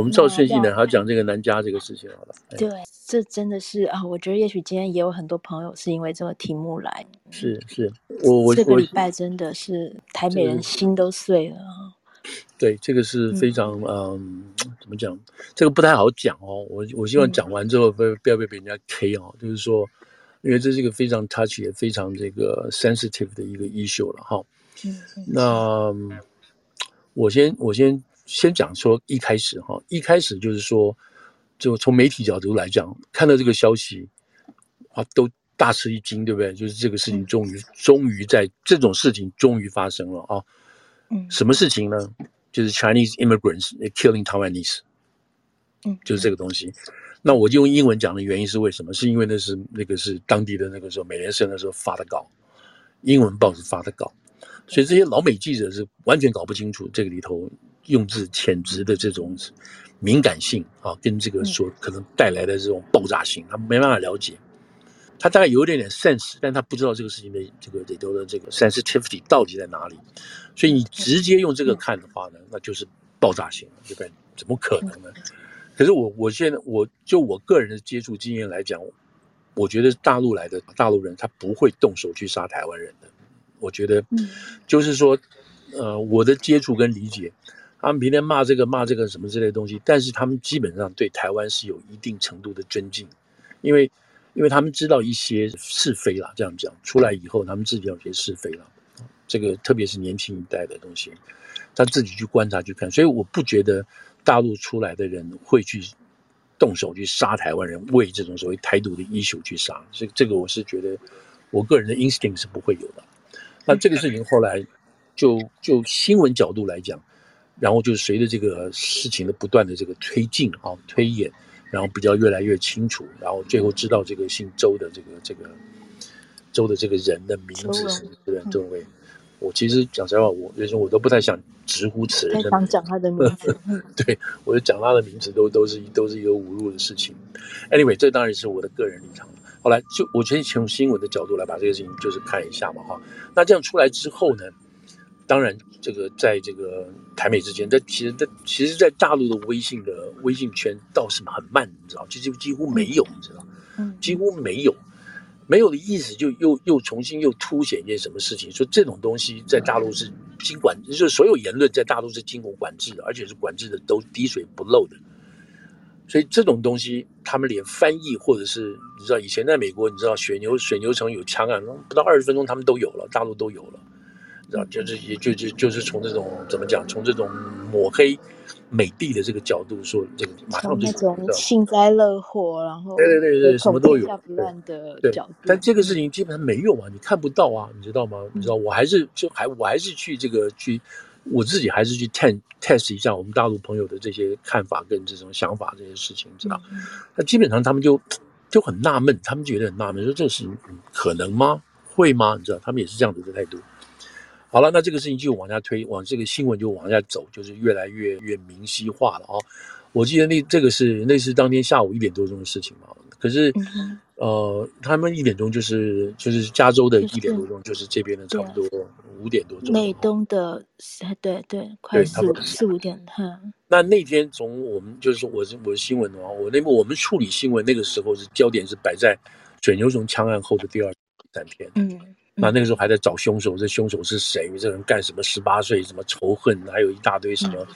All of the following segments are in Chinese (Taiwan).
我們照順序來，還要講這個南加這個事情，好了。嗯、對、哎，這真的是啊，我覺得也許今天也有很多朋友是因為這個題目來。是是，我我這個禮拜真的是台美人心都碎了、這個、對，這個是非常嗯、嗯，怎麼講？這個不太好講哦。我我希望講完之後，不要被人家 K 哦、嗯。就是說，因為這是一個非常 touchy、非常這個 sensitive 的一個 issue 了哈、嗯。那我先，我先。先講說一開始哈，一開始就是說，就從媒體角度來講，看到這個消息，啊，都大吃一驚，對不對？就是這個事情終於、嗯、終於在這種事情終於發生了啊！嗯，什麼事情呢？嗯、就是 Chinese immigrants killing Taiwanese。嗯，就是這個東西。嗯、那我就用英文講的原因是為什麼？是因為那是那個是當地的那個時候，美聯社那時候發的稿，英文報紙發的稿，所以這些老美記者是完全搞不清楚這個裡頭。用字遣詞的這種敏感性啊，跟這個所可能帶來的這種爆炸性，他沒辦法了解。他大概有點點 sense，但他不知道這個事情的這個裡頭的這個 sensitivity 到底在哪裡？所以你直接用這個看的話呢，那就是爆炸性了，這邊怎麼可能呢？可是我我現在我就我個人的接觸經驗來講，我覺得大陸來的大陸人他不會動手去殺台灣人的。我覺得就是說，嗯、呃，我的接觸跟理解。他們天天罵這個罵這個什麼之類的東西，但是他們基本上對台灣是有一定程度的尊敬，因為因為他們知道一些是非了，這樣講出來以後，他們自己有些是非了，這個特別是年輕一代的東西，他自己去觀察去看，所以我不覺得大陸出來的人會去動手去殺台灣人，為這種所謂台獨的英雄去殺，這這個我是覺得我個人的 instinct 是不會有的。那這個事情後來就就新聞角度來講。然後就是隨着這個事情的不斷的這個推進啊推演，然後比較越來越清楚，然後最後知道這個姓周的這個這個周的這個人的名字是、嗯，對不對、嗯？我其實講實話，我有時候我都不太想直呼此人，太想講他的名字，呵呵嗯、對我就講他的名字都都是都是一個侮辱的事情。Anyway，這當然是我的個人立場。後來就我先從新聞的角度來把這個事情就是看一下嘛哈。那這樣出來之後呢？嗯當然，這個在這個台美之間，但其實但其實，在大陸的微信的微信圈倒是很慢，你知道，就就幾乎沒有，你知道，幾乎沒有，沒有的意思就又又重新又凸顯一件什麼事情。說這種東西在大陸是經管、嗯，就所有言論在大陸是經過管制的，而且是管制的都滴水不漏的。所以這種東西，他們連翻譯或者是你知道，以前在美國，你知道水牛水牛城有槍案，不到二十分鐘他們都有了，大陸都有了。就是也就就就是從、就是就是，這種怎麼講，從這種抹黑美帝的這個角度說，這個馬上就是、那種幸災樂禍，然後對對對對，什麼都有，對，但這個事情基本上沒有啊，你看不到啊，你知道嗎？嗯、你知道我還是就還我還是去這個去，我自己還是去 test test 一下我們大陸朋友的這些看法跟這種想法這些事情，你知道？嗯、那基本上他們就就很納悶，他們覺得很納悶，說這個事情可能嗎？會嗎？你知道？他們也是這樣的這態度。好了，那這個事情就往下推，往這個新聞就往下走，就是越來越越明晰化了啊、哦！我記得那這個是類似當天下午一點多鐘的事情嘛。可是，嗯、呃，他們一點鐘就是就是加州的一點多鐘，就是這邊的差不多五點多鐘、鐘。美、就是、東的對對，快四四五點哈。那那天從我們就是說我是，我是我新聞的話，我那我們處理新聞那個時候是焦點是擺在水牛城槍案後的第二三天。嗯。那那個時候還在找兇手，這兇手是誰？這人幹什麼？十八歲，什麼仇恨？還有一大堆什麼，嗯、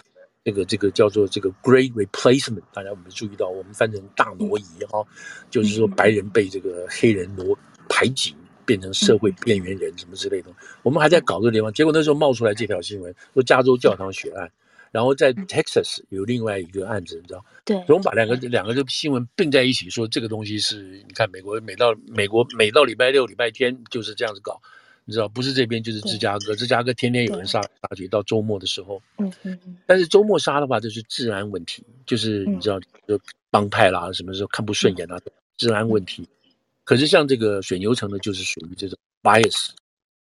這個這個叫做這個 Great Replacement，大家有沒有注意到，我們翻成大挪移哈、哦嗯，就是說白人被這個黑人挪排擠，變成社會邊緣人什麼之類的、嗯。我們還在搞這個地方，結果那時候冒出來這條新聞，說加州教堂血案。然後在 Texas 有另外一個案子，嗯、你知道？對。所以我們把兩個兩個的新聞併在一起，說這個東西是，你看美國每到美國每到禮拜六禮拜天就是這樣子搞，你知道？不是這邊就是芝加哥，芝加哥天天有人殺殺去到周末的時候。但是周末殺的話，就是治安問題、嗯，就是你知道，就、嗯、幫派啦，什麼時候看不順眼啦、啊嗯，治安問題、嗯。可是像這個水牛城呢，就是屬於這種 bias，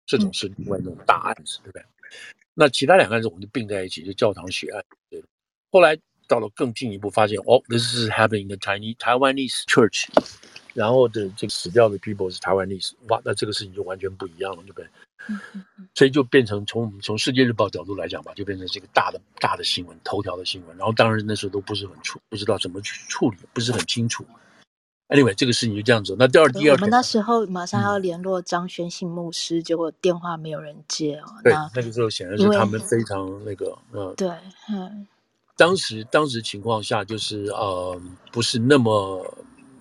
這種是另外一種大案子，嗯、對不對？那其他兩個案子我們就併在一起，就教堂血案。對，後來到了更進一步發現，哦，This is happening in Chinese Taiwanese church，然後的這個死掉的 people 是 Taiwanese，哇，那這個事情就完全不一樣了，對不對？ 所以就變成從我們從世界日報角度來講吧，就變成這個大的大的新聞頭條的新聞。然後當然那時候都不是很處，不知道怎麼去處理，不是很清楚。Anyway，這個事情就這樣子。那第二第二，我們那時候馬上要聯絡張宣信牧師、嗯，結果電話沒有人接哦。那個時候顯然是他們非常那個，嗯、呃，對，嗯。當時當時情況下就是呃，不是那麼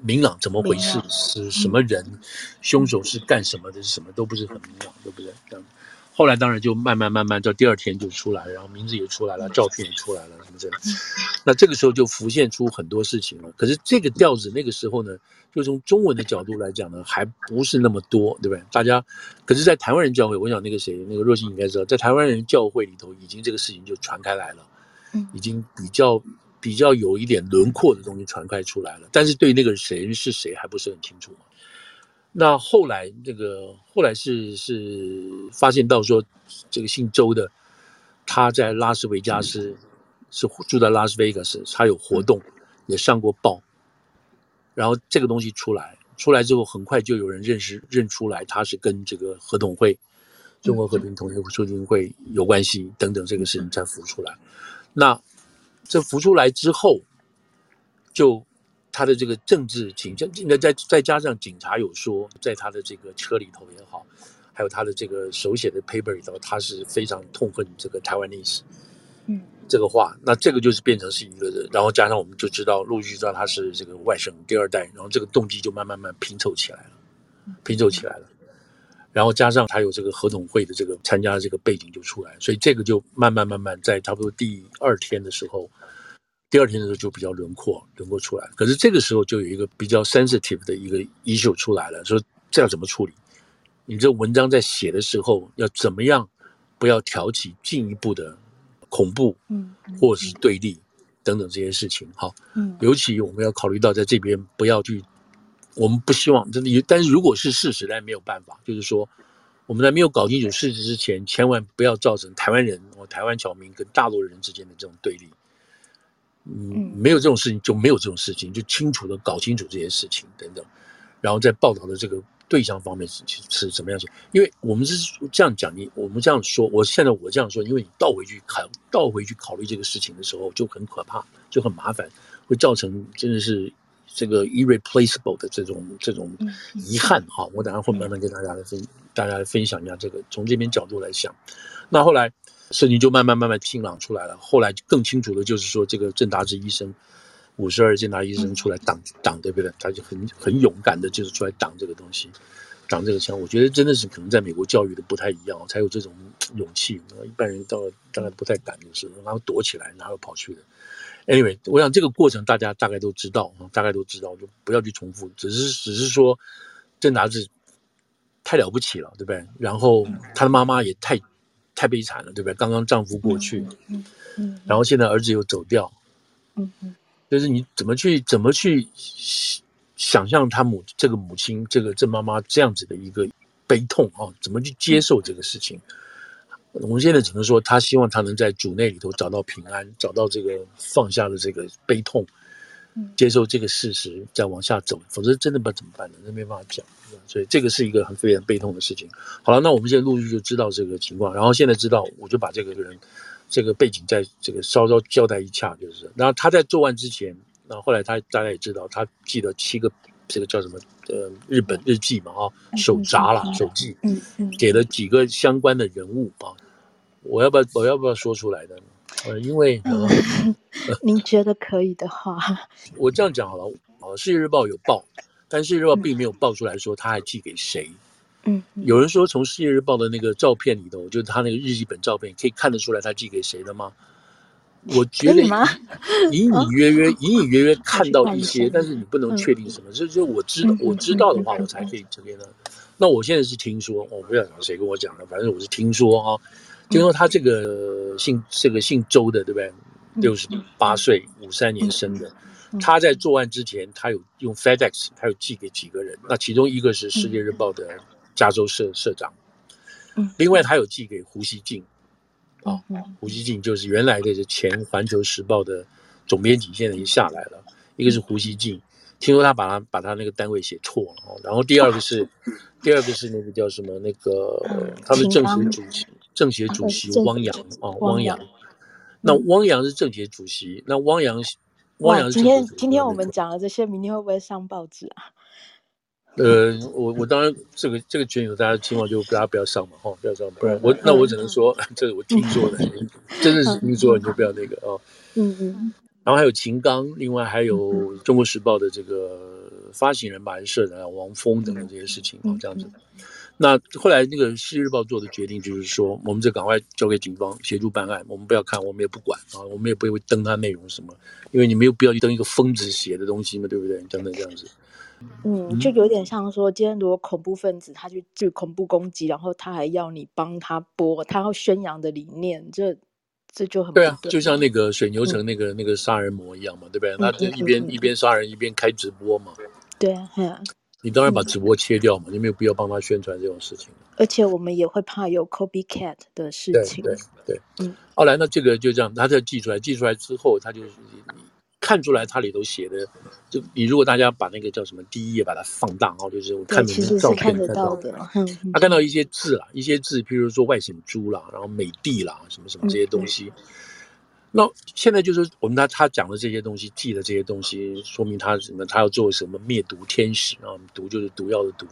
明朗，怎麼回事？是什麼人、嗯？兇手是幹什麼的？是什麼都不是很明朗，對、嗯、不對？這樣。後來當然就慢慢慢慢到第二天就出來，然後名字也出來了，照片也出來了，什麼這樣。那這個時候就浮現出很多事情了。可是這個調子那個時候呢，就從中文的角度來講呢，還不是那麼多，對不對？大家，可是，在台灣人教會，我想那個誰，那個若曦你應該知道，在台灣人教會裡頭，已經這個事情就傳開來了，嗯，已經比較比較有一點輪廓的東西傳開出來了。但是對那個誰是誰還不是很清楚那後來，這個後來是是發現到說，這個姓周的他在拉斯維加斯是住在拉斯維加斯，他有活動，也上過報。然後這個東西出來，出來之後，很快就有人認識認出來，他是跟這個和統會、嗯、中國和平統一促進會有關係等等這個事情才浮出來。那這浮出來之後，就。他的這個政治傾向，那再再加上警察有說，在他的這個車裡頭也好，還有他的這個手寫的 paper 裡頭，他是非常痛恨這個台灣歷史，嗯，這個話，那這個就是變成是一個人，然後加上我們就知道陸續知道他是這個外省第二代，然後這個動機就慢慢慢慢拼湊起來了，拼湊起來了，然後加上他有這個和統會的這個參加這個背景就出來，所以這個就慢慢慢慢在差不多第二天的時候。第二天的時候就比較輪廓輪廓出來，可是，這個時候就有一個比較 sensitive 的一個 issue 出來了，說這要怎麼處理？你這文章在寫的時候要怎麼樣，不要挑起進一步的恐怖，嗯，或是對立等等這些事情。好、嗯嗯，嗯，尤其我們要考慮到在這邊不要去，嗯、我們不希望真的，但是如果是事實，但沒有辦法。就是說，我們在沒有搞清楚事實之前，嗯、千萬不要造成台灣人或台灣僑民跟大陸人之間的這種對立。嗯，沒有這種事情就沒有這種事情，就清楚的搞清楚這些事情等等，然後在報道的這個對象方面是是怎麼樣子。因為我們是這樣講，你我們這樣說，我現在我這樣說，因為你倒回去考倒回去考慮這個事情的時候就很可怕，就很麻煩，會造成真的是這個 irreplaceable 的這種這種遺憾哈、嗯嗯。我等一下會慢慢跟大家來分，、嗯、大家來分享一下這個，從這邊角度來想。那後來。事情就慢慢慢慢清朗出來了。後來更清楚的就是說，這個鄭達志醫生，五十二，鄭達志醫生出來擋擋，對不對？他就很很勇敢的，就是出來擋這個東西，擋這個槍。我覺得真的是可能在美國教育的不太一樣，才有這種勇氣。一般人到當然不太敢的時候，就是然後躲起來，然後跑去的。Anyway，我想這個過程大家大概都知道，嗯，大概都知道，就不要去重複。只是只是說，鄭達志太了不起了，對不對？然後他的媽媽也太。太悲慘了，對不對？剛剛丈夫過去，嗯嗯嗯、然後現在兒子又走掉，嗯嗯，就是你怎麼去怎麼去想象她母這個母親這個鄭媽媽這樣子的一個悲痛啊、哦？怎麼去接受這個事情？嗯、我們現在只能說，她希望她能在主內裡頭找到平安，找到這個放下的這個悲痛。接受這個事實，再往下走，否則真的不知道怎麼辦的，那沒辦法講。所以這個是一個很非常悲痛的事情。好了，那我們現在陸續就知道這個情況，然後現在知道，我就把這個人，這個背景在這個稍稍交代一下，就是，然後他在作案之前，然後後來他大家也知道，他寄了七個這個叫什麼，呃，日本日記嘛啊、哦，手札啦手記，嗯嗯，給了幾個相關的人物啊，我要不要我要不要說出來呢？呃，因為您、嗯嗯、覺得可以的話，我這樣講好了。哦，世界日報有報，但世界日報並沒有報出來說他還寄給誰。嗯，有人說從世界日報的那個照片裡頭，我、就是覺得他那個日記本照片可以看得出來他寄給誰的嗎？我覺得隱隱約約、隱隱約約、哦、隱隱約約看到一些、哦啊，但是你不能確定什麼。嗯、這就是我知道、嗯、我知道的話，我才可以、嗯、這邊的、嗯、那我現在是聽說、哦，我不知道誰跟我講的，反正我是聽說哈。哦聽說他這個姓這個姓周的，對不對？六十八歲，五三年生的。他在作案之前，他有用 FedEx，他有寄給幾個人。那其中一個是《世界日報》的加州社社長，另外他有寄給胡錫進，哦，胡錫進就是原來的前《環球時報》的總編輯，現在已經下來了。一個是胡錫進，聽說他把他把他那個單位寫錯了，哦。然後第二個是，啊，第二個是那個叫什麼？那個他是政協主席。政協主席汪洋啊，汪洋、哦汪洋，汪洋。那汪洋是政協主席、嗯，那汪洋，汪洋今天汪洋今天我們講了這些，明天會不會上報紙啊？呃，我我當然這個這個圈有大家，希望就大家不要上嘛，哈、哦，不要上。不然、嗯、我、嗯、那我只能說、嗯，這我聽說的，嗯、真的是聽說的、嗯，你就不要那個哦。嗯嗯。然後還有秦剛，另外還有《中國時報》的這個發行人馬仁勝啊，王峰等等這些事情哦、嗯嗯，這樣子的。那後來那個《世界日報》做的決定就是說，我們就趕快交給警方協助辦案，我們不要看，我們也不管啊，我們也不會登他內容什麼，因為你沒有必要去登一個瘋子寫的東西嘛，對不對？等等這樣子嗯。嗯，就有點像說，今天如果恐怖分子他去去恐怖攻擊，然後他還要你幫他播他要宣揚的理念，這這就很不對，對啊，就像那個水牛城那個、嗯、那個殺人魔一樣嘛，對不對？那一邊嗯嗯嗯嗯一邊殺人一邊開直播嘛。對啊。你當然把直播切掉嘛、嗯，你沒有必要幫他宣傳這種事情。而且我們也會怕有 copycat 的事情。對對對，嗯。來、right，那這個就這樣，他就寄出來，寄出來之後，他就你看出來他裡頭寫的，就你如果大家把那個叫什麼第一頁把它放大啊、嗯，就是、我看其實是看得到照片看到的、嗯，他看到一些字啦，一些字，譬如說外省豬啦，然後美帝啦，什麼什麼這些東西。嗯嗯那現在就是我們他他講的這些東西，寄的這些東西，說明他什麼？他要做什麼？滅毒天使啊？毒就是毒藥的毒，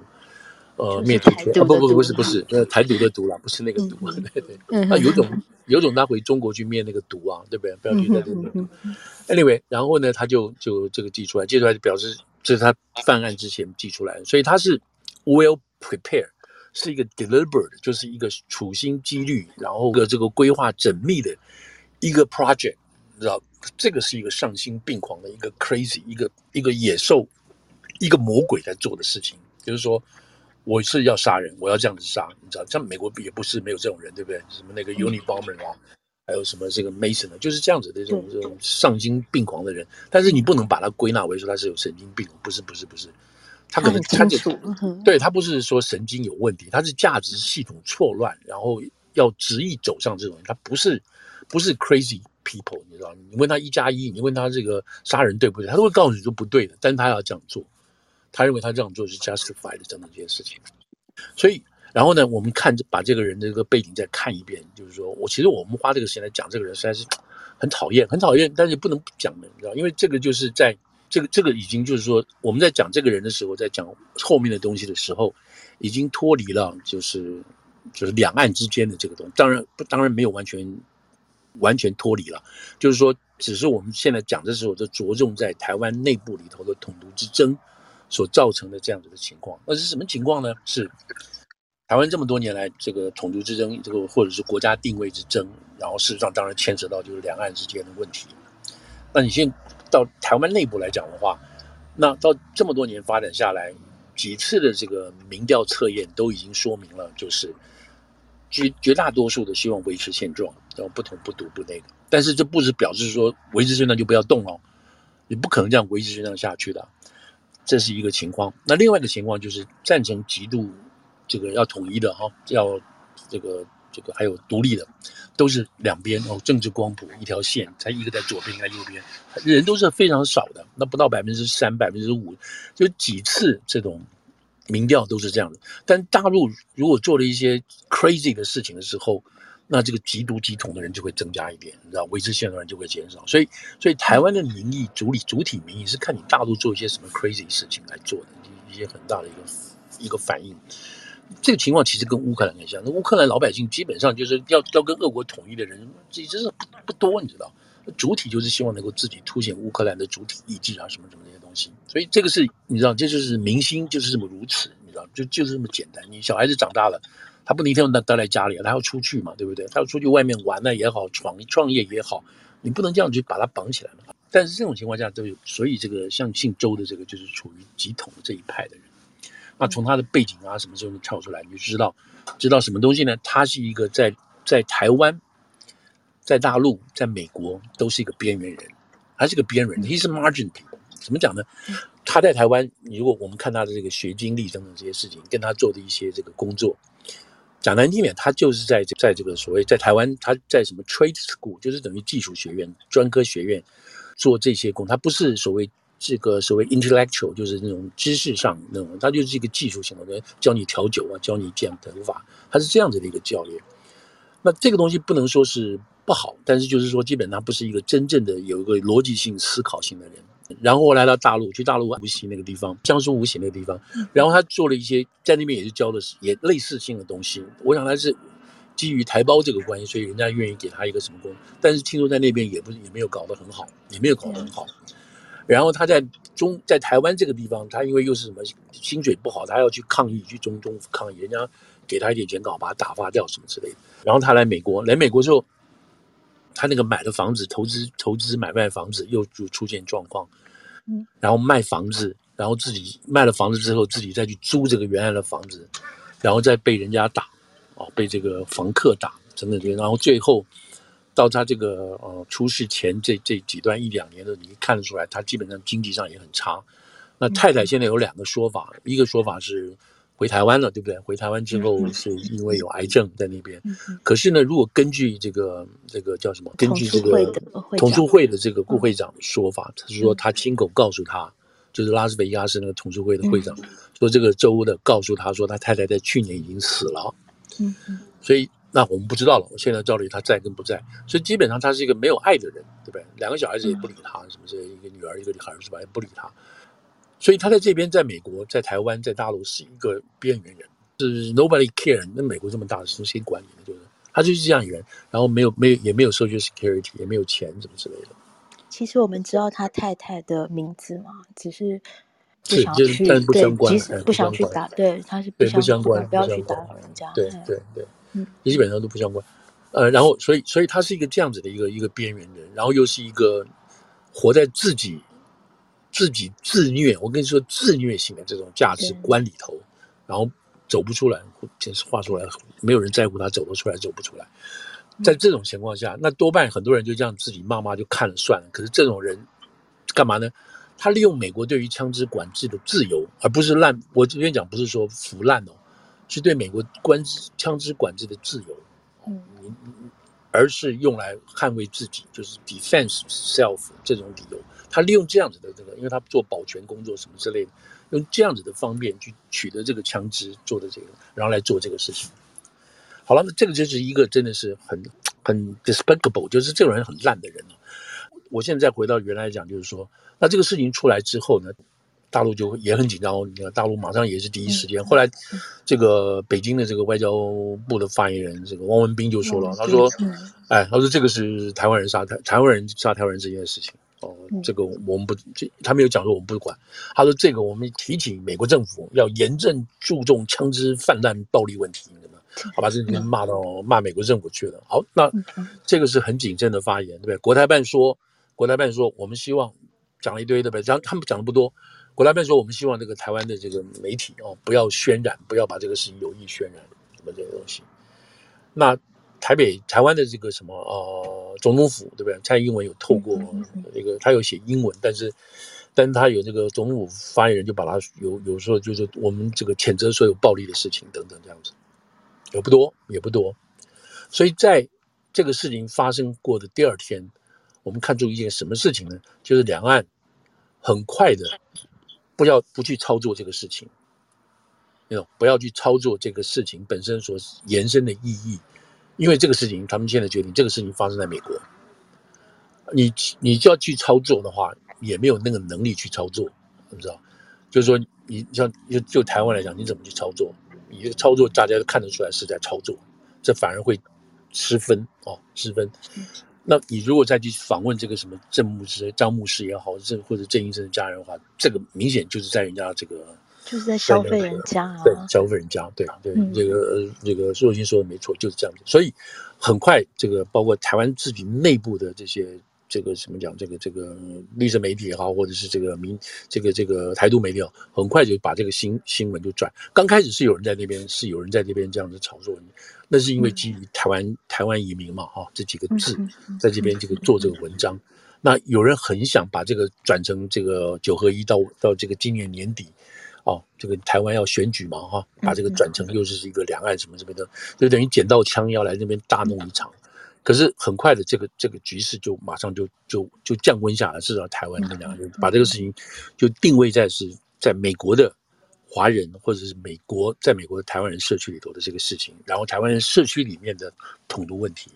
呃，滅、就是啊啊、毒不不、啊、不是不是呃台獨的毒啦，不是那個毒。 對對那有種 有種他回中國去滅那個毒啊，對不對？不要留對，這對。 Anyway，然後呢，他就就這個寄出來，寄出來就表示這是他犯案之前寄出來的，所以他是 well prepared 是一個 deliberate，就是一個處心積慮，然後個這個規劃縝密的。一個 project，你知道，這個是一個喪心病狂的一個 crazy，一個一個野獸，一個魔鬼在做的事情。就是說，我是要殺人，我要這樣子殺，你知道，像美國也不是沒有這種人，對不對？什麼那個 university 啊、嗯，還有什麼這個 mason 的、啊，就是這樣子的這種這種喪心病狂的人、嗯。但是你不能把它歸納為說他是有神經病，不是，不是，不是，他可能參與對他不是說神經有問題，他是價值系統錯亂，然後要執意走上這種人，他不是。不是 crazy people，你知道？你問他一加一，你問他這個殺人對不對，他都會告訴你說不對的。但是他要這樣做，他認為他這樣做是 justified 的正當這件事情。所以，然後呢，我們看把這個人的這個背景再看一遍，就是說我其實我們花這個時間來講這個人，實在是很討厭，很討厭，但是不能不講的，你知道？因為這個就是在這個這個已經就是說我們在講這個人的時候，在講後面的東西的時候，已經脫離了就是就是兩岸之間的這個東西，當然不當然沒有完全。完全脫離了，就是說，只是我們現在講的時候，就着重在台灣內部裡頭的統獨之爭所造成的這樣子的情況。那是什麼情況呢？是台灣這麼多年來這個統獨之爭，這個或者是國家定位之爭，然後事實上當然牽扯到就是兩岸之間的問題。那你先到台灣內部來講的話，那到這麼多年發展下來，幾次的這個民調測驗都已經說明了，就是絕絕大多數的希望維持現狀。然後不統不獨不那個，但是這不是表示說維持現狀就不要動哦，你不可能這樣維持現狀下去的，這是一個情況。那另外一個情況就是贊成極度這個要統一的哈、哦，要這個這個還有獨立的，都是兩邊哦，政治光譜一條線，才一個在左邊，一個在右邊，人都是非常少的，那不到百分之三百分之五，就幾次這種民調都是這樣的。但大陸如果做了一些 crazy 的事情的時候，那這個極獨極統的人就會增加一點，你知道，維持現狀的人就會減少。所以，所以台灣的民意主理主體民意是看你大陸做一些什麼 crazy 事情來做的，一一些很大的一個一個反應。這個情況其實跟烏克蘭很像，那烏克蘭老百姓基本上就是要要跟俄國統一的人其實是不不多，你知道，主體就是希望能夠自己凸顯烏克蘭的主體意志啊，什麼什麼那些東西。所以這個是，你知道，這就是民心就是這麼如此，你知道，就就是這麼簡單。你小孩子長大了。他不能一天到晚待在家裡啊，他要出去嘛，對不對？他要出去外面玩呢也好，創創業也好，你不能這樣去把他綁起來嘛。但是這種情況下，都有，所以這個像姓周的這個，就是處於急統這一派的人，那從他的背景啊，什麼時候能跳出來，你就知道，知道什麼東西呢？他是一個在在台灣、在大陸、在美國都是一個邊緣人，他是個邊緣人，他、嗯、是 margin 人。怎麼講呢？他在台灣，你如果我們看他的這個學經歷等等這些事情，跟他做的一些這個工作。講難聽點，他就是在在這個所謂在台灣，他在什麼 trade school，就是等於技術學院、專科學院做這些工。他不是所謂這個所謂 intellectual，就是那種知識上那種，他就是一個技術型的，教你調酒啊，教你剪頭髮，他是這樣子的一個教練。那這個東西不能說是不好，但是就是說，基本上不是一個真正的有一個邏輯性思考性的人。然後我來到大陸，去大陸無錫那個地方，江蘇無錫那個地方。然後他做了一些，在那邊也是教的，也類似性的東西。我想他是基於台胞這個關係，所以人家願意給他一個什麼工。但是聽說在那邊也不是，也沒有搞得很好，也沒有搞得很好。然後他在中在台灣這個地方，他因為又是什麼薪水不好，他要去抗議，去中中抗議，人家給他一點錢搞，把他打發掉什麼之類的。然後他來美國，來美國之後。他那個買的房子，投資投資買賣房子，又就出現狀況，嗯，然後賣房子，然後自己賣了房子之後，自己再去租這個原來的房子，然後再被人家打，哦，被這個房客打，等等等，然後最後到他這個呃出事前這這幾段一兩年的，你看得出來，他基本上經濟上也很差。那太太現在有兩個說法，嗯、一個說法是。回台灣了，對不對？回台灣之後是因為有癌症在那邊、嗯嗯。可是呢，如果根據這個這個叫什麼？根據這個同鄉會，會，會的這個顧會長說法，他、嗯就是說他親口告訴他，就是拉斯維加斯那個同鄉會的會長、嗯、說，這個周的告訴他說他太太在去年已經死了。嗯、所以那我們不知道了。我現在照理他在跟不在，所以基本上他是一個沒有愛的人，對不對？兩個小孩子也不理他，嗯、什麼這一個女兒一個女孩是吧，也不理他。所以他在這邊，在美國，在台灣，在大陸，是一個邊緣人，是 nobody care。那美國這麼大的中心管理你，就是他就是這樣的人，然後沒有、沒有，也沒有 social security，也沒有錢，什麼之類的。其實我們知道他太太的名字嘛，只是不想是、就是、但是不相關不,、哎、不,不想去打，對，他是不想不相關，不要去打擾人,人家。對對對，對，嗯，基本上都不相關。呃，然後所以，所以他是一個這樣子的一個一個邊緣人，然後又是一個活在自己。自己自虐，我跟你說，自虐性的這種價值觀裡頭，然後走不出來，就是畫出來了，沒有人在乎他走得出來，走不出來。在這種情況下，那多半很多人就這樣自己慢慢就看了算了。可是這種人幹嘛呢？他利用美國對於槍支管制的自由，而不是爛，我這邊講不是說腐爛哦，是對美國關於槍支管制的自由。嗯。而是用來捍衛自己，就是 defense self 這種理由。他利用這樣子的這個，因為他做保全工作什麼之類的，用這樣子的方便去取得這個槍支，做的這個，然後來做這個事情。好了，那這個就是一個真的是很很 despicable，就是這種人很爛的人。我現在再回到原來講，就是說，那這個事情出來之後呢，大陸就也很緊張，你看，大陸馬上也是第一時間、嗯嗯。後來，這個北京的這個外交部的發言人，這個汪文斌就說了，嗯、他說、嗯，哎，他說這個是台灣人殺台，台灣人殺台灣人這件事情哦、呃嗯，這個我們不，這他沒有講說我們不管，他說這個我們提醒美國政府要嚴正注重槍支泛濫暴力問題，好吧，這罵到罵、嗯、美國政府去了。好，那這個是很謹慎的發言，對不對？國台辦說，國台辦說，我們希望講了一堆對不對，講，他們講的不多。國台辦說，我們希望這個台灣的這個媒體哦，不要渲染，不要把這個事情有意渲染，什麼這個東西。那台北台灣的這個什麼呃總統府對不對？蔡英文有透過那、這個，他有寫英文，但是但是他有這個總統府發言人就把他有有時候就是我們這個譴責所有暴力的事情等等這樣子，也不多也不多。所以在這個事情發生過的第二天，我們看出一件什麼事情呢？就是兩岸很快的。不要不去操作這個事情，不要去操作這個事情本身所延伸的意義，因為這個事情他們現在決定這個事情發生在美國，你你就要去操作的話，也沒有那個能力去操作，你知道？就是說，你像就就，就台灣來講，你怎麼去操作？你這個操作大家都看得出來是在操作，這反而會失分哦，失分。那你如果再去訪問這個什麼鄭牧師、張牧師也好，或者鄭醫生的家人的話，這個明顯就是在人家這個就是在消費人家，、啊人家，對，消費，家、啊、對消費人家，對對、嗯，這個呃，這個蘇若欣說的沒錯，就是這樣子。所以很快，這個包括台灣自己內部的這些。這個什麼講？這個這個綠色媒體哈、啊，或者是這個民這個這個台獨媒體、啊，很快就把這個新新聞就轉。剛開始是有人在那邊，是有人在這邊這樣子炒作，那是因為基於台灣台灣移民嘛哈、啊，這幾個字在這邊這個做這個文章。那有人很想把這個轉成這個九合一到到這個今年年底，哦，這個台灣要選舉嘛哈、啊，把這個轉成又是一個兩岸什麼什麼的，就等於撿到槍要來那邊大弄一場。可是很快的，這個這個局勢就馬上就就就，就降溫下來。至少台灣跟兩個人、嗯、就把這個事情就定位在是在美國的華人或者是美國在美國的台灣人社區裡頭的這個事情，然後台灣人社區裡面的統獨問題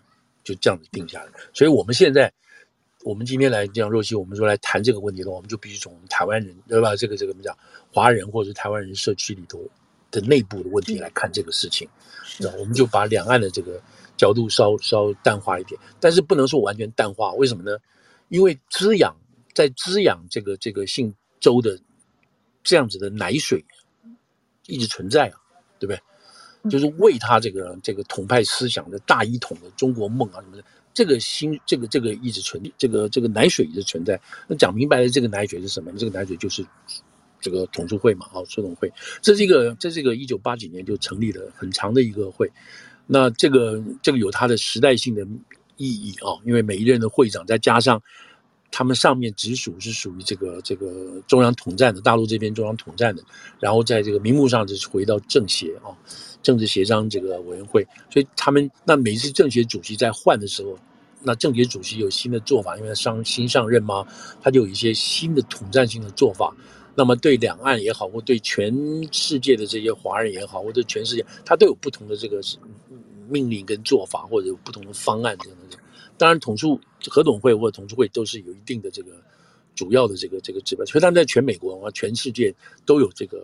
就這樣子定下來、嗯。所以我們現在我們今天來講若曦，我們說來談這個問題的話，我們就必須從台灣人對吧？這個這個我們、這個、講？華人或者是台灣人社區裡頭的內部的問題來看這個事情，那、嗯、我們就把兩岸的這個。角度稍稍淡化一點，但是不能說完全淡化。為什麼呢？因為滋養在滋養這個這個姓周的這樣子的奶水一直存在啊，對不對？嗯、就是為他這個這個統派思想的大一統的中國夢啊什麼的，這個心這個這個一直存，這個這個奶水一直存在。那講明白了，這個奶水是什麼？這個奶水就是這個統促會嘛，啊、哦，促統會。這是一個這是一個一九八幾年就成立了很長的一個會。那這個這個有它的時代性的意義啊，因為每一任的會長，再加上他們上面直屬是屬於這個這個中央統戰的大陸這邊中央統戰的，然後在這個名目上就是回到政協啊，政治協商這個委員會，所以他們那每一次政協主席在換的時候，那政協主席有新的做法，因為他上新上任嘛，他就有一些新的統戰性的做法。那麼對兩岸也好，或對全世界的這些華人也好，或者全世界，他都有不同的這個命令跟做法，或者有不同的方案等等的。當然，統促合總會或者統促會都是有一定的這個主要的這個這個指標，所以他在全美國啊，全世界都有這個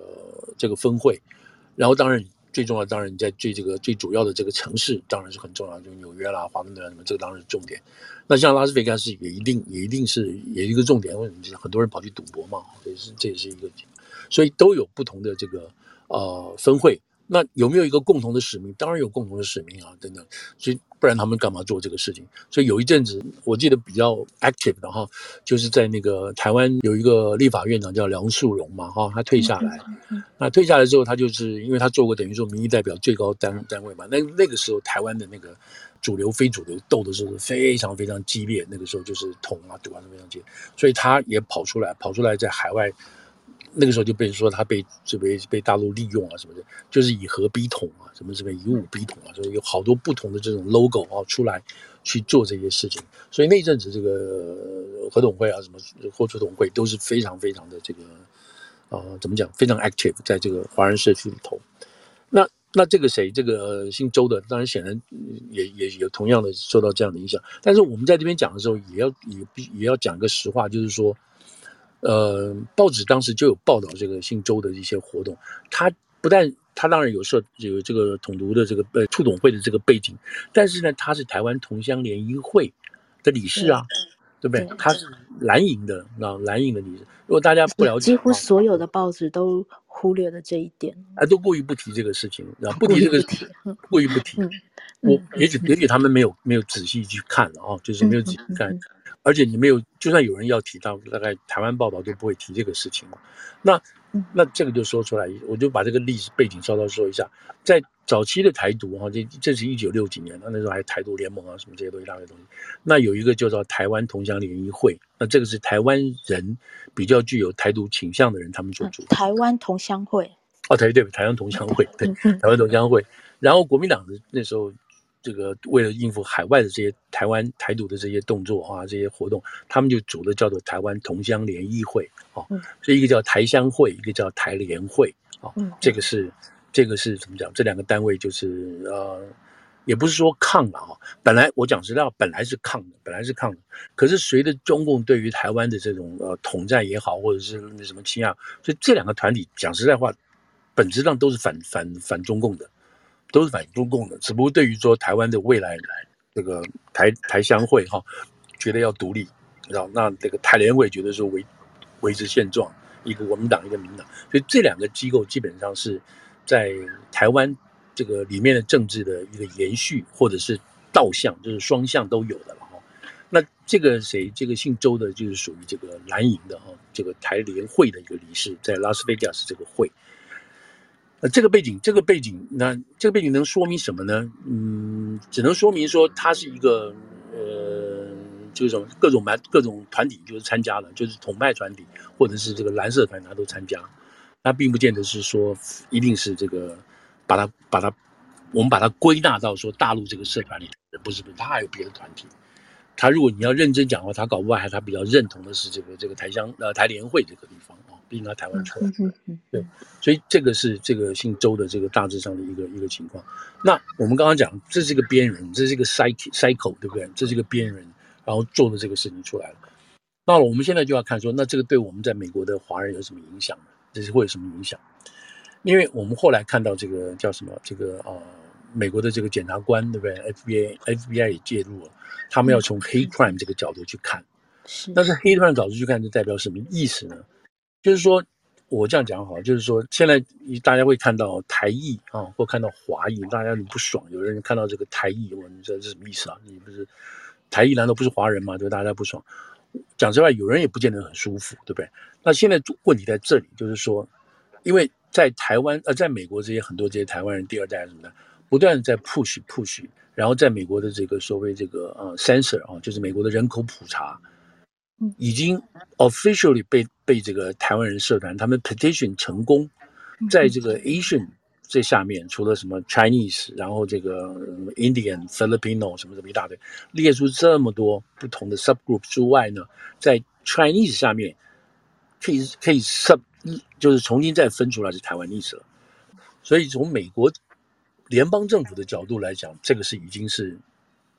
這個分會。然後當然。最重要，當然你在最這個最主要的這個城市，當然是很重要，就紐約啦、啊、華盛頓什麼，這個當然是重點。那像拉斯維加斯也一定也一定是也一個重點，為什麼？就是很多人跑去賭博嘛，這也是這也是一個，所以都有不同的這個呃分會。那有沒有一個共同的使命？當然有共同的使命啊，等等。所以不然他們幹嘛做這個事情？所以有一陣子我記得比較 active 的哈，然後就是在那個台灣有一個立法院長叫梁肅戎嘛，哈、哦，他退下來、嗯嗯，那退下來之後，他就是因為他做過等於說民意代表最高單單位嘛，那那個時候台灣的那個主流非主流鬥的是非常非常激烈，那個時候就是統啊獨啊是非常激烈，所以他也跑出來，跑出來在海外。那個時候就被人說他被這被被大陸利用啊什麼的，就是以和逼統啊，什麼什麼以武逼統啊，所以有好多不同的這種 logo 啊出來去做這些事情。所以那陣子這個和統會啊，什麼和促統會都是非常非常的這個，啊、呃、怎麼講，非常 active 在這個華人社區裡頭。那那這個誰，這個姓周的，當然顯然也也，也有同樣的受到這樣的影響。但是我們在這邊講的時候也，也要也必須也要講個實話，就是說。呃，報紙當時就有報道這個姓周的一些活動。他不但他當然有社有這個統獨的這個呃促統會的這個背景，但是呢，他是台灣同鄉聯誼會的理事啊，對，對不對，對？他是藍營的啊，藍營的理事。如果大家不了解，幾乎所有的報紙都忽略了這一點，哎，都過於不提這個事情，啊，不提這個意提、嗯，過於不提。嗯、我也許、嗯、也許他們沒有、嗯、沒有仔細去看啊，就是沒有仔細看。嗯嗯嗯而且你沒有，就算有人要提到，大概台灣報道都不會提這個事情了。那那這個就說出來，我就把這個歷史背景稍稍說一下。在早期的台獨，哈，這這是一九六幾年，那時候還台獨聯盟啊，什麼這些東西。那那有一個就叫做台灣同鄉聯誼會，那這個是台灣人比較具有台獨傾向的人他們做主、嗯。台灣同鄉會，哦，okay，台對台灣同鄉會，對，對，嗯，對台灣同鄉會。然後國民黨的那時候。這個為了應付海外的這些台灣台獨的這些動作啊，這些活動，他們就組了叫做台灣同鄉聯誼會啊，這、哦、一個叫台鄉會，一個叫台聯會啊、哦，這個是這個是怎麼講？這兩個單位就是呃，也不是說抗的啊，本來我講實在話，本來是抗的，本來是抗的。可是隨着中共對於台灣的這種呃統戰也好，或者是那、嗯、什麼侵壓，所以這兩個團體講實在話，本質上都是反反反中共的。都是反應中共的，只不過對於說台灣的未來，這個台台鄉會哈、哦，覺得要獨立，然後那這個台聯會覺得說維維持現狀，一個國民黨一個民黨，所以這兩個機構基本上是在台灣這個裡面的政治的一個延續，或者是導向，就是雙向都有的了哈、哦。那這個誰，這個姓周的，就是屬於這個藍營的哈、哦，這個台聯會的一個理事，在拉斯維加斯這個會。呃，這個背景，這個背景，那、呃、這個背景能說明什麼呢？嗯，只能說明說他是一個，呃，就是說各種各種團體就是參加了，就是統派團體或者是這個藍色團，他都參加。他並不見得是說一定是這個把他把他，我們把它歸納到說大陸這個社團裡，不是不是，他還有別的團體。他如果你要認真講的話，他搞外海，他比較認同的是這個這個台鄉，呃，台聯會這個地方。並拿台灣出來，對，所以這個是這個姓周的這個大致上的一個一個情況。那我們剛剛講，這是一個邊緣人，這是一個 psycho 對不對、嗯？這是一個邊緣人，然後做的這個事情出來了。那我們現在就要看說，說那這個對我們在美國的華人有什麼影響呢？這是會有什麼影響？因為我們後來看到這個叫什麼，這個呃，美國的這個檢察官，對不對？FBI FBI 也介入了，他們要從 hate crime 這個角度去看。是、嗯，但是 hate crime 角度去看，這代表什麼意思呢？就是說，我這樣講好，就是說，現在大家會看到台裔啊、嗯，或看到華裔，大家很不爽，有人看到這個台裔，我你知道這是什麼意思啊？你不是台裔，難道不是華人嗎？就大家不爽。講之外，有人也不見得很舒服，對不對？那現在問題在這裡，就是說，因為在台灣呃，在美國這些很多這些台灣人第二代什麼的，不斷在 push push，然後在美國的這個所謂這個呃、嗯、census 啊、嗯，就是美國的人口普查。已經 officially 被被這個台灣人社團他們 petition 成功，在這個 Asian 這下面，除了什麼 Chinese，然後這個 Indian、Filipino 什麼什麼一大堆，列出這麼多不同的 subgroup 之外呢，在 Chinese 下面可以可以 sub 就是重新再分出來是台灣的意思了。所以從美國聯邦政府的角度來講，這個是已經是。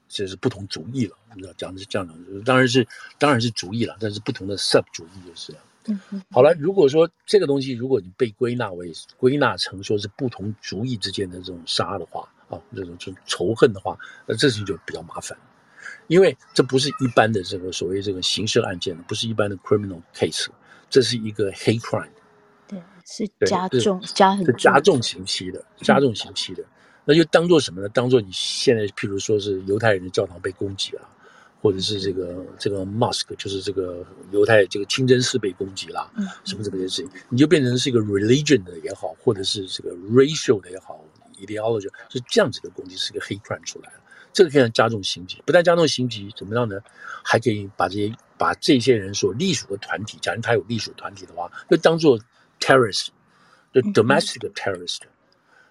這是不同主義了，你知道，講的是這樣的，當然是當然是主義了，但是不同的 sub 主義就是了。嗯哼。好了，如果說這個東西如果你被歸納為歸納成說是不同主義之間的這種殺的話，啊，這種仇仇恨的話，那這事情就比較麻煩，因為這不是一般的這個所謂這個刑事案件，不是一般的 criminal case，這是一個 hate crime。對，是加重是加很重加重、嗯。加重刑期的，加重刑期的。那就當做什麼呢？當做你現在，譬如說是猶太人的教堂被攻擊了，或者是這個這個 mosque，就是這個猶太這個清真寺被攻擊啦，什麼，什麼這麼的事情，你就變成是一個 religion 的也好，或者是這個 racial 的也好，ideology 是這樣子的攻擊，是一個 hate crime 出來了，這個可以加重刑級，不但加重刑級，怎麼樣呢？還可以把這些把這些人所隸屬的團體，假如他有隸屬團體的話，就當做 terrorist，就 domestic terrorist。嗯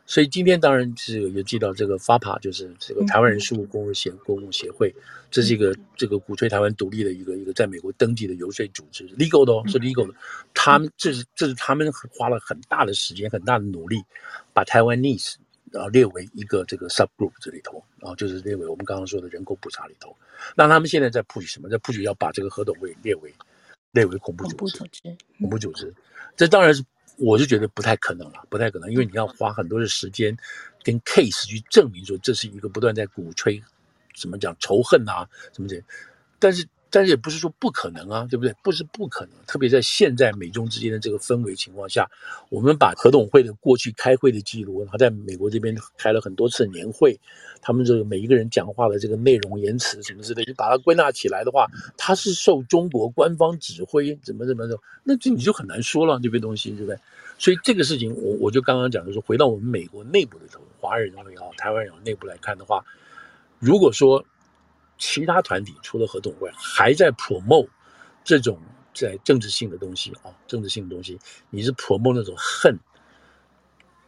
所以今天當然是有記到這個 FAPA，就是這個台灣人事務公共公共協會，這是一個這個鼓吹台灣獨立的一個一個在美國登記的遊說組織，legal 的哦，是 legal 的。他們這是這是他們花了很大的時間，很大的努力，把 Taiwanese 然後列為一個這個 subgroup 這裡頭，然後就是列為我們剛剛說的人口普查裡頭。那他們現在在布局什麼？在布局要把這個和統會列為列為恐怖組織恐怖組織，恐怖組織，這當然是。我是覺得不太可能了，不太可能，因為你要花很多的時間，跟 case 去證明說，這是一個不斷在鼓吹，什麼講仇恨啊，什麼講，但是。但是也不是說不可能啊，對不對？不是不可能，特別在現在美中之間的這個氛圍情況下，我們把合總會的過去開會的記錄他在美國這邊開了很多次年會，他們這個每一個人講話的這個內容、言辭什麼之類，就把它歸納起來的話，他是受中國官方指揮，怎麼怎麼怎麼，那這你就很難說了，這些東西，對不對？所以這個事情我，我我就剛剛講的是，回到我們美國內部的時候，華人也好、台灣人內部來看的話，如果說。其他團體除了合同外，還在 promote 這種在政治性的東西啊，政治性的東西，你是 promote 那種恨、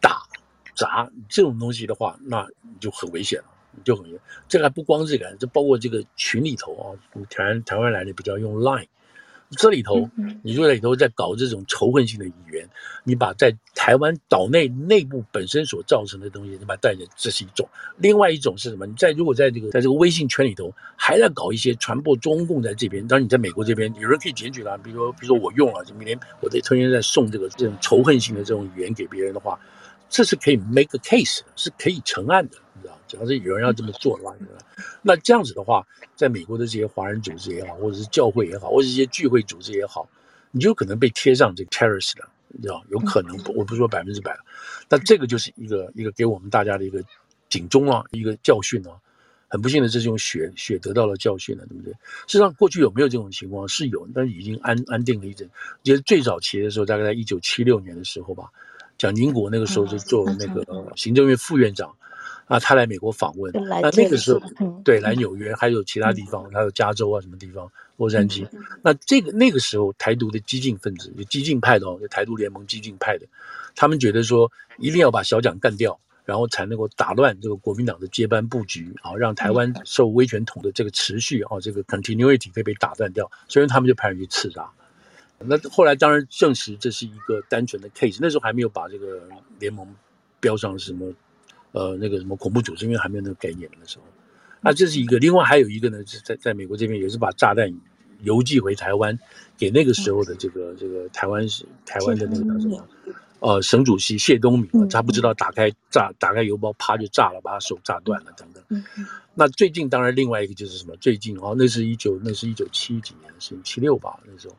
打、砸這種東西的話，那你就很危險了，你就很危險。這還不光這個，這包括這個群裡頭啊，台灣台灣來的比較用 line。這裡頭，你如果在裡頭在搞這種仇恨性的語言，你把在台灣島內內部本身所造成的東西，你把它帶着這是一種；另外一種是什麼？你在如果在這個在這個微信圈裡頭還在搞一些傳播中共在這邊，當然你在美國這邊有人可以檢舉了，比如說比如說我用了，明天我的同學在送這個這種仇恨性的這種語言給別人的話，這是可以 make a case，是可以成案的。只要是有人要這麼做了話、嗯，那這樣子的話，在美國的這些華人組織也好，或者是教會也好，或者一些聚會組織也好，你就可能被貼上這個 terrorist 了，你知道？有可能，不，我不說百分之百了，但這個就是一個一個給我們大家的一個警鐘啊，一個教訓啊。很不幸的是用，這種血血得到了教訓了、啊，對不對？事實上，過去有沒有這種情況？是有，但是已經安安定了一陣，其實最早期的時候，大概在一九七六年的時候吧，蔣經國那個時候就做那個行政院副院長。嗯嗯嗯啊，他來美國訪問，嗯、那那個時候，嗯、對，來紐約，還有其他地方、嗯，還有加州啊，什麼地方？洛杉磯。嗯、那這個那個時候，台獨的激進分子，就激進派的、哦，就台獨聯盟激進派的，他們覺得說，一定要把小蔣幹掉，然後才能夠打亂這個國民黨的接班佈局啊，然後讓台灣受威權統治的這個持續啊、哦，這個 continuity 會被打斷掉。所以他們就派人去刺殺。那後來當然證實這是一個單純的 case，那時候還沒有把這個聯盟標上什麼。呃，那個什麼恐怖組織，因為還沒有那個概念那時候，那、啊、這是一個。另外還有一個呢，是在在美國這邊也是把炸彈郵寄回台灣，給那個時候的這個這個台灣台灣的那個什麼，呃，省主席謝東閔、啊，他不知道打開炸打開郵包，啪就炸了，把他手炸斷了等等。Okay. 那最近當然另外一個就是什麼？最近啊、哦，那是一九那是一九七幾年，是一九七六吧那時候，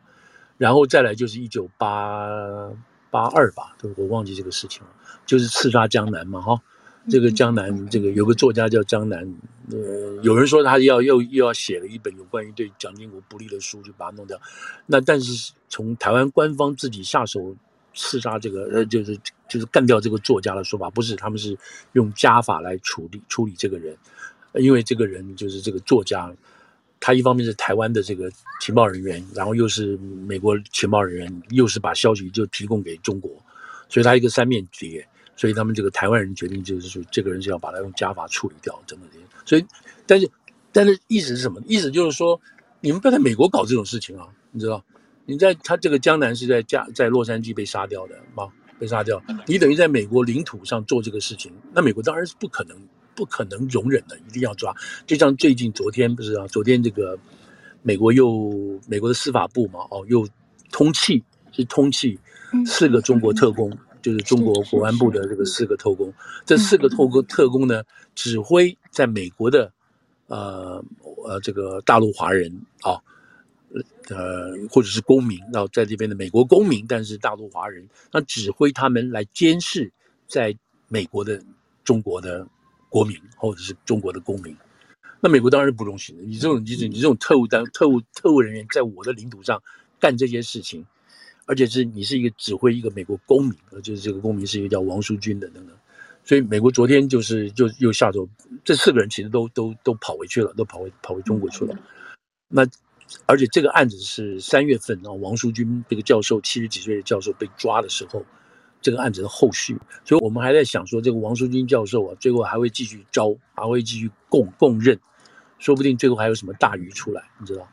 然後再來就是一九八八二吧，我忘記這個事情了，就是刺殺江南嘛哈。這個江南，這個有個作家叫江南，嗯，呃，有人說他要又又要寫了一本有關於對蔣經國不利的書，就把它弄掉。那但是從台灣官方自己下手刺殺這個，呃，就是就是幹掉這個作家的說法，不是，他們是用家法來處理處理這個人。呃，因為這個人就是這個作家，他一方面是台灣的這個情報人員，然後又是美國情報人員，又是把消息就提供給中國，所以他一個三面諜。所以他們這個臺灣人決定就是說，這個人是要把他用家法處理掉，真的。所以，但是，但是意思是什麼？意思就是說，你們不要在美國搞這種事情啊！你知道，你在他這個江南是在加在洛杉磯被殺掉的啊，被殺掉。你等於在美國領土上做這個事情，那美國當然是不可能、不可能容忍的，一定要抓。就像最近昨天不是啊？昨天這個美國又美國的司法部嘛，哦，又通緝是通緝四個中國特工。嗯嗯嗯就是中國國安部的這個四個特工，這四個特工特工呢，指揮在美國的，呃呃，這個大陸華人啊，呃或者是公民，啊，然後在這邊的美國公民，但是大陸華人，那指揮他們來監視在美國的中國的國民或者是中國的公民，那美國當然是不容許的。你這種你這你這種特務當特務特務人員在我的領土上幹這些事情。而且是你是一個指揮一個美國公民，就是這個公民是一個叫王書君的等等，所以美國昨天就是就又下周這四個人其實都都都跑回去了，都跑回跑回中國去了、嗯。那而且這個案子是三月份啊，王書君這個教授七十幾歲的教授被抓的時候，這個案子的後續，所以我們還在想說這個王書君教授啊，最後還會繼續招，還會繼續供供認，說不定最後還有什麼大魚出來，你知道？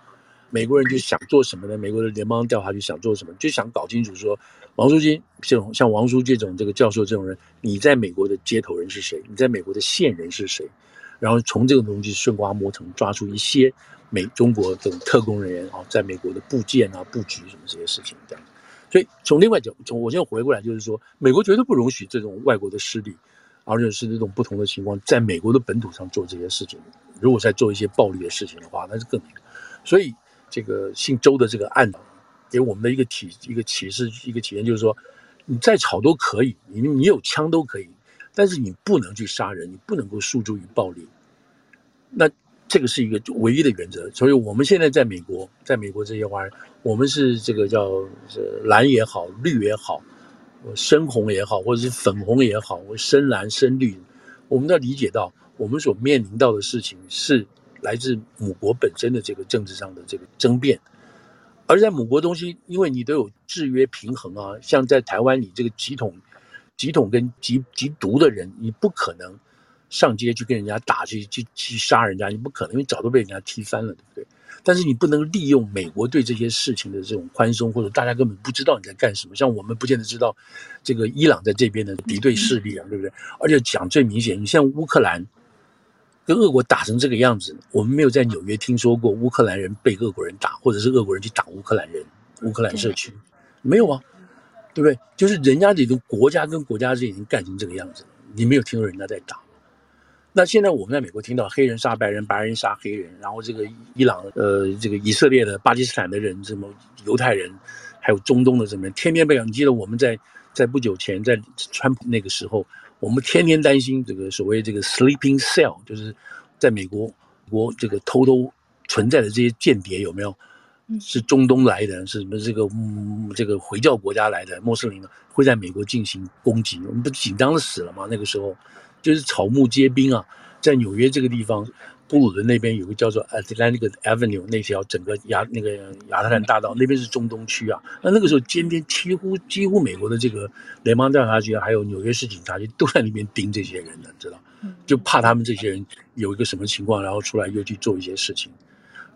美國人就想做什麼呢？美國的聯邦調查局想做什麼？就想搞清楚說王，王書君這種像王書君這種這個教授這種人，你在美國的接頭人是誰？你在美國的線人是誰？然後從這個東西順瓜摸藤，抓出一些美中國這種特工人員啊，在美國的部件啊布局什麼這些事情，這樣。所以從另外角，從我現在回過來，就是說，美國絕對不容許這種外國的勢力，而、啊、且、就是這種不同的情況，在美國的本土上做這些事情。如果再做一些暴力的事情的話，那是更。所以。這個姓周的這個案，給我們的一個體，一個啟示一個體驗，就是說，你再吵都可以，你你有槍都可以，但是你不能去殺人，你不能夠訴諸於暴力。那這個是一個唯一的原則。所以我們現在在美國，在美國這些華人，我們是這個叫藍也好，綠也好，深紅也好，或者是粉紅也好，深藍深綠，我們都要理解到，我們所面臨到的事情是。來自母國本身的這個政治上的這個爭辯，而在母國東西，因為你都有制約平衡啊，像在台灣，你這個急統、急統跟急、急獨的人，你不可能上街去跟人家打去、去、去殺人家，你不可能，因為早都被人家踢翻了，對不對？但是你不能利用美國對這些事情的這種寬鬆，或者大家根本不知道你在幹什麼，像我們不見得知道這個伊朗在這邊的敵對勢力啊，對不對？而且講最明顯，你像烏克蘭。跟俄國打成這個樣子，我們沒有在紐約聽說過烏克蘭人被俄國人打，或者是俄國人去打烏克蘭人、烏克蘭社區，沒有啊，對不對？就是人家這種國家跟國家之間已經幹成這個樣子，你沒有聽說人家在打。那現在我們在美國聽到黑人殺白人，白人殺黑人，然後這個伊朗、呃，這個以色列的、巴基斯坦的人，什麼猶太人，還有中東的什麼人，天天被講。你記得我們在在不久前在川普那個時候。我們天天擔心這個所謂這個 sleeping cell，就是在美國美國這個偷偷存在的這些間諜有沒有是中東來的，是什麼這個、嗯、這個回教國家來的穆斯林呢？會在美國進行攻擊，我們不緊張死了嗎？那個時候就是草木皆兵啊，在紐約這個地方。布魯的那邊有個叫做 Atlantic Avenue 那條整個亞那個亞特蘭大道、嗯、那邊是中東區啊，那那個時候尖邊幾乎幾乎美國的這個聯邦調查局還有紐約市警察局都在那邊盯這些人的，知道、嗯？就怕他們這些人有一個什麼情況，然後出來又去做一些事情，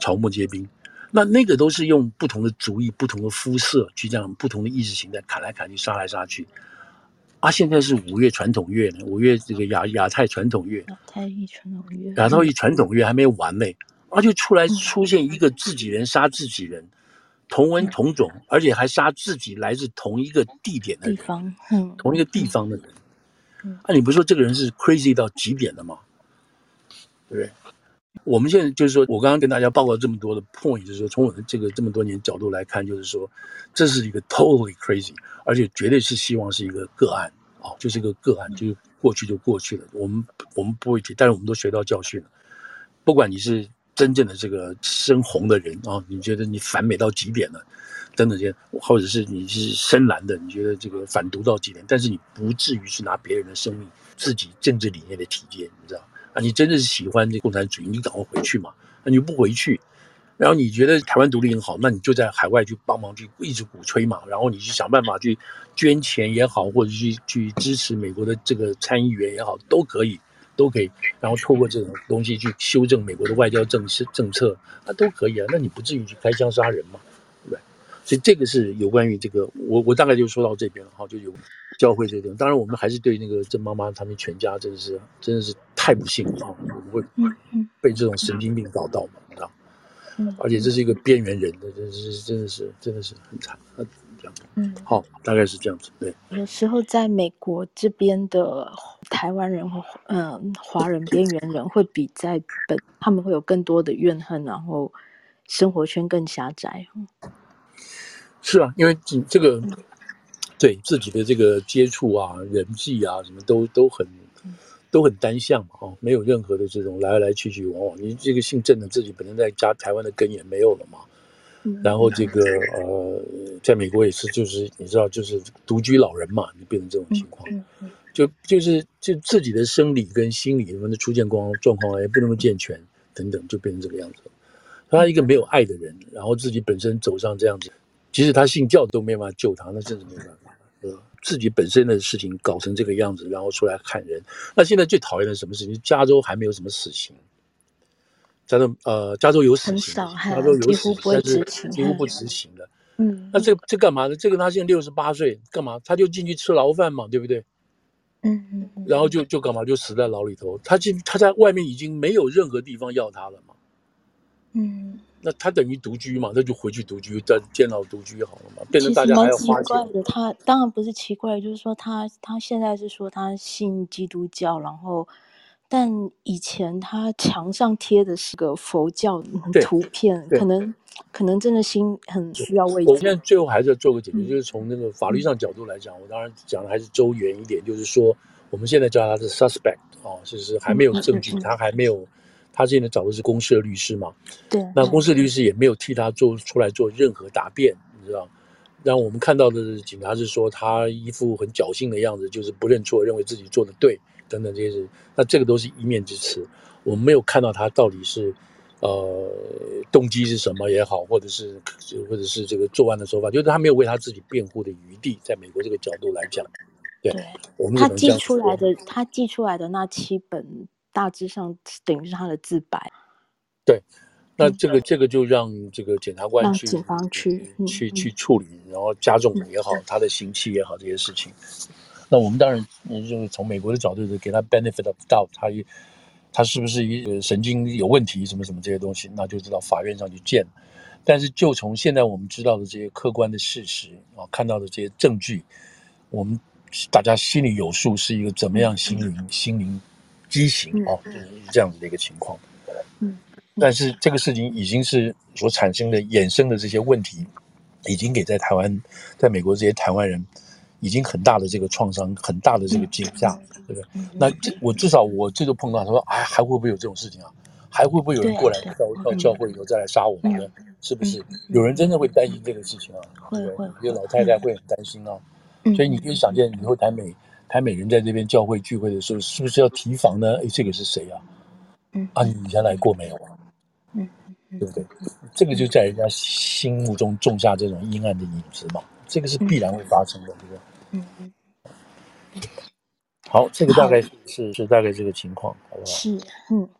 草木皆兵。那那個都是用不同的主意，不同的膚色去這樣不同的意識形態砍來砍去，殺來殺去。啊，現在是五月傳統月呢，五月這個亞亞太傳統月，亞太傳統月，亞太，一傳，統亞太一傳統月還沒有完呢，啊，就出來出現一個自己人殺自己人，嗯、同文同種、嗯，而且還殺自己來自同一個地點的人，地方嗯、同一個地方的人，嗯嗯、啊，你不說這個人是 crazy 到極點的嗎？對不對？我們現在就是說，我剛剛跟大家報告這麼多的 point，就是說，從我的這個這麼多年角度來看，就是說，這是一個 totally crazy，而且絕對是希望是一個個案啊、哦，就是一個個案，就是、過去就過去了。我們我們不會提，但是我們都學到教訓了。不管你是真正的這個深紅的人啊、哦，你覺得你反美到極點了，等等這些，或者是你是深藍的，你覺得這個反獨到極點，但是你不至於去拿別人的生命、自己政治理念的體驗，你知道？啊，你真的是喜歡這共產主義，你趕快回去嘛。那、啊、你不回去，然後你覺得台灣獨立很好，那你就在海外去幫忙去，一直鼓吹嘛。然後你去想辦法去捐錢也好，或者去去支持美國的這個參議員也好，都可以，都可以。然後透過這種東西去修正美國的外交政策政策，那、啊、都可以啊。那你不至於去開槍殺人嘛，對不對？所以這個是有關於這個，我我大概就說到這邊了哈，就有教會這個地方。當然，我們還是對那個鄭媽媽他們全家真的是真的是。太不幸了，我不會被這種神經病搞到、嗯、你知道嗎？嗯。而且這是一個邊緣人的，真的是真的是很慘嗯，好，哦，大概是這樣子。對，有時候在美國這邊的台灣人和，嗯、呃，華人邊緣人會比在本 他們會有更多的怨恨，然後生活圈更狹窄。是啊，因為這這個對自己的這個接觸啊、人際啊，什麼都都很。嗯都很單向嘛，啊、哦，沒有任何的這種來來去去、往、哦、往。你這個姓鄭的自己本身在加台灣的根也沒有了嘛，嗯、然後這個呃，在美國也是，就是你知道，就是獨居老人嘛，就變成這種情況，嗯嗯、就就是就自己的生理跟心理什麼的出現光狀,狀況也不那麼健全等等，就變成這個樣子了。他一個沒有愛的人，然後自己本身走上這樣子，即使他信教都沒辦法救他，那真是沒辦法。自己本身的事情搞成這個樣子，然後出來看人。那現在最討厭的是什麼事情？加州還沒有什麼死刑。加州呃，加州有死刑，很少，加州幾乎不執行，幾乎不執行的。嗯，那這這幹嘛呢？這個他現在六十八歲，幹嘛？他就進去吃牢飯嘛，對不對？嗯，然後就就干嘛？就死在牢裡頭。他進他在外面已經沒有任何地方要他了嘛。嗯。那他等於獨居嘛，那就回去獨居，在監牢獨居好了嘛，變成大家蠻奇怪的，他當然不是奇怪，就是說他他現在是說他信基督教，然後，但以前他牆上貼的是個佛教圖片，可能可能真的心很需要慰藉。我現在最後還是要做個解決，就是從那個法律上角度來講，嗯，我當然講的還是周延一點，就是說我們現在叫他是 suspect 哦，就是，是還沒有證據，嗯，他還沒有。他現在找的是公司的律師嘛？對，那公司律師也沒有替他做出來做任何答辯，你知道？然後我們看到的警察是說他一副很僥倖的樣子，就是不認錯，認為自己做的對等等這些事。那這個都是一面之詞，我們沒有看到他到底是呃動機是什麼也好，或者是或者是這個作案的手法，就是他沒有為他自己辯護的餘地。在美國這個角度來講，對，對，我們他寄出來的他寄出來的那七本。大致上等於是他的自白，對，那這個這個就讓這個檢察官去，嗯、去去處理，然後加重也好、嗯，他的刑期也好，這些事情。那我們當然就是從美國的角度是給他 benefit of doubt，他他是不是一個神經有問題什麼什麼這些東西，那就知道法院上去見。但是就從現在我們知道的這些客觀的事實啊，看到的這些證據，我們大家心裡有數，是一個怎麼樣心靈、嗯、心靈。畸形哦，就是這樣子的一個情況。嗯，但是這個事情已經是所產生的衍生的這些問題，已經給在台灣、在美國這些台灣人，已經很大的這個創傷，很大的這個驚嚇、嗯，對不對？那這我至少我這個碰到，他說哎還會不會有這種事情啊？還會不會有人過來到、啊、到教會以後再來殺我們呢、嗯？是不是？嗯、有人真的會擔心這個事情啊？會、嗯、有老太太會很擔心啊、嗯。所以你可以想見以後台美。台美人在這邊教會聚會的時候，是不是要提防呢？誒，這個是誰啊？嗯，啊，你以前來過沒有啊？嗯，嗯對不對、嗯嗯？這個就在人家心目中種下這種陰暗的影子嘛。這個是必然會發生的，嗯、對不對？嗯嗯，嗯。好，這個大概是是大概這個情況，好不好？是，嗯。